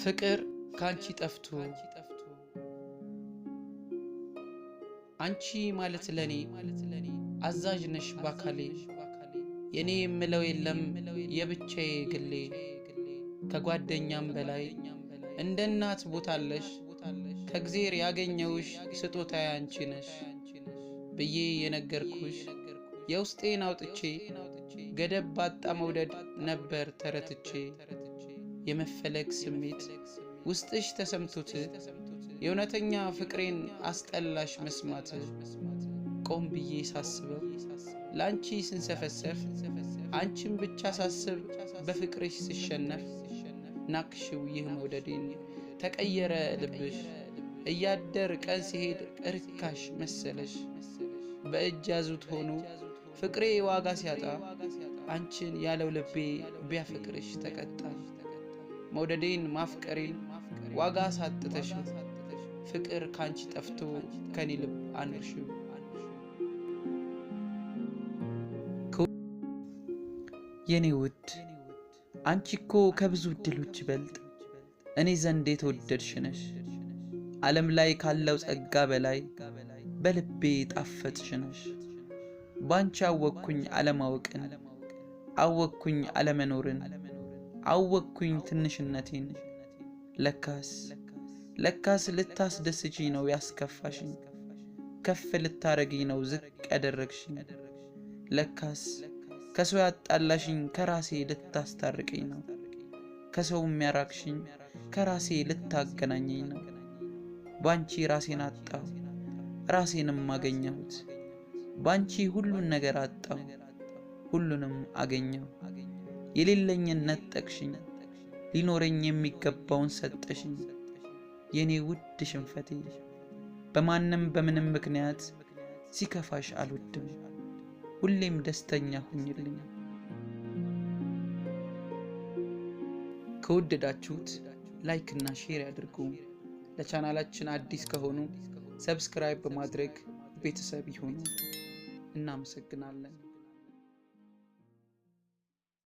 ፍቅር ካንቺ ጠፍቶ አንቺ ማለት ለኔ አዛዥ ነሽ ባካሌ የኔ የምለው የለም የብቻዬ ግሌ ከጓደኛም በላይ እንደ እናት ቦታለሽ ከእግዜር ያገኘውሽ ስጦታ አንቺ ነሽ ብዬ የነገርኩሽ የውስጤን አውጥቼ ገደብ ባጣ መውደድ ነበር ተረትቼ የመፈለግ ስሜት ውስጥሽ ተሰምቶት የእውነተኛ ፍቅሬን አስጠላሽ መስማት ቆም ብዬ ሳስበው ለአንቺ ስንሰፈሰፍ አንቺን ብቻ ሳስብ በፍቅርሽ ስሸነፍ ናክሽው ይህ መውደዴን ተቀየረ ልብሽ እያደር ቀን ሲሄድ እርካሽ መሰለሽ በእጅ ያዙት ሆኖ ፍቅሬ ዋጋ ሲያጣ አንቺን ያለው ልቤ ቢያፈቅርሽ ተቀጣ። መውደዴን ማፍቀሬን ዋጋ ሳጥተሽ ፍቅር ካንቺ ጠፍቶ ከኔ ልብ አንርሽው። የኔ ውድ አንቺ እኮ ከብዙ እድሎች ይበልጥ እኔ ዘንድ የተወደድሽ ነሽ። ዓለም ላይ ካለው ጸጋ በላይ በልቤ ጣፈጥሽ ነሽ። ባንቺ አወቅኩኝ አለማወቅን፣ አወቅኩኝ አለመኖርን አወቅኩኝ ትንሽነቴን። ለካስ ለካስ ልታስደስችኝ ነው ያስከፋሽኝ፣ ከፍ ልታረግኝ ነው ዝቅ ያደረግሽኝ። ለካስ ከሰው ያጣላሽኝ ከራሴ ልታስታርቅኝ ነው፣ ከሰው የሚያራቅሽኝ ከራሴ ልታገናኘኝ ነው። ባንቺ ራሴን አጣሁ ራሴንም አገኘሁት፣ ባንቺ ሁሉን ነገር አጣሁ ሁሉንም አገኘሁ። የሌለኝን ነጠቅሽኝ፣ ሊኖረኝ የሚገባውን ሰጠሽኝ። የእኔ ውድ ሽንፈቴ በማንም በምንም ምክንያት ሲከፋሽ አልወድም። ሁሌም ደስተኛ ሁኝልኝ። ከወደዳችሁት ላይክ እና ሼር ያድርጉ። ለቻናላችን አዲስ ከሆኑ ሰብስክራይብ በማድረግ ቤተሰብ ይሁኑ። እናመሰግናለን።